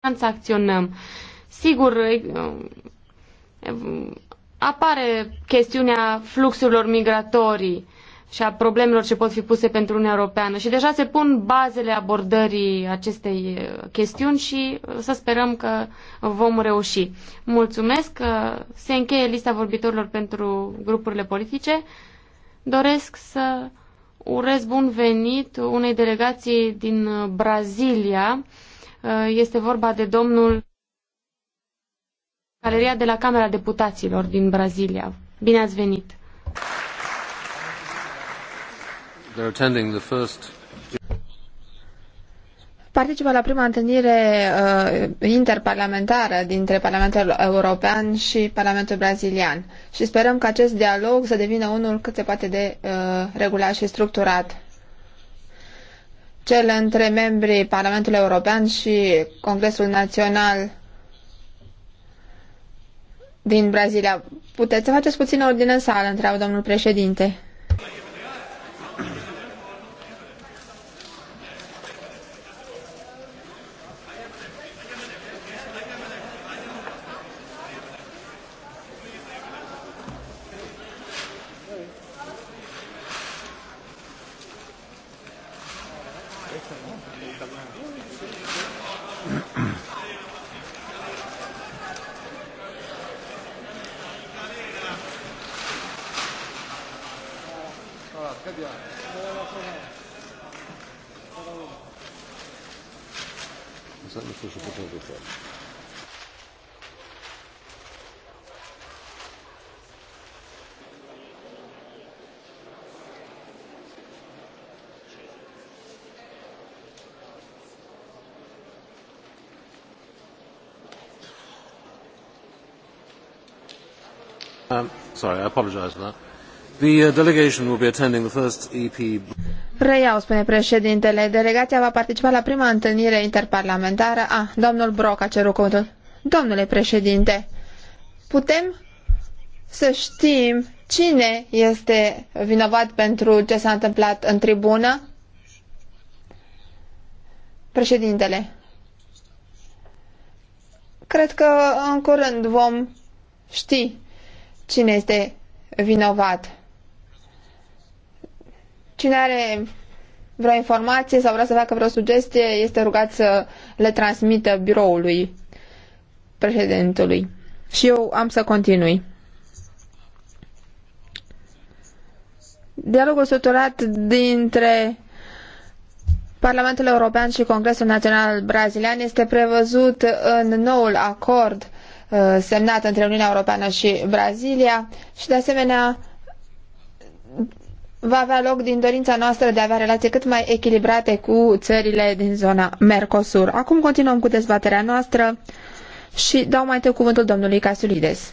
transacționăm. Sigur, apare chestiunea fluxurilor migratorii și a problemelor ce pot fi puse pentru Uniunea Europeană și deja se pun bazele abordării acestei chestiuni și să sperăm că vom reuși. Mulțumesc că se încheie lista vorbitorilor pentru grupurile politice. Doresc să urez bun venit unei delegații din Brazilia Uh, este vorba de domnul Galeria de la Camera Deputaților din Brazilia. Bine ați venit! Participă la prima întâlnire uh, interparlamentară dintre Parlamentul European și Parlamentul Brazilian și sperăm că acest dialog să devină unul cât se poate de uh, regulat și structurat cel între membrii Parlamentului European și Congresul Național din Brazilia. Puteți să faceți puțin ordine în sală, întreabă domnul președinte. Înseamnă că și putem să Reiau, spune președintele. Delegația va participa la prima întâlnire interparlamentară. Ah, domnul Broc a cerut cuvântul. Domnule președinte, putem să știm cine este vinovat pentru ce s-a întâmplat în tribună? Președintele. Cred că în curând vom ști cine este vinovat. Cine are vreo informație sau vrea să facă vreo sugestie, este rugat să le transmită biroului președintelui. Și eu am să continui. Dialogul suturat dintre Parlamentul European și Congresul Național Brazilian este prevăzut în noul acord uh, semnat între Uniunea Europeană și Brazilia și, de asemenea, va avea loc din dorința noastră de a avea relații cât mai echilibrate cu țările din zona Mercosur. Acum continuăm cu dezbaterea noastră și dau mai întâi cuvântul domnului Casulides.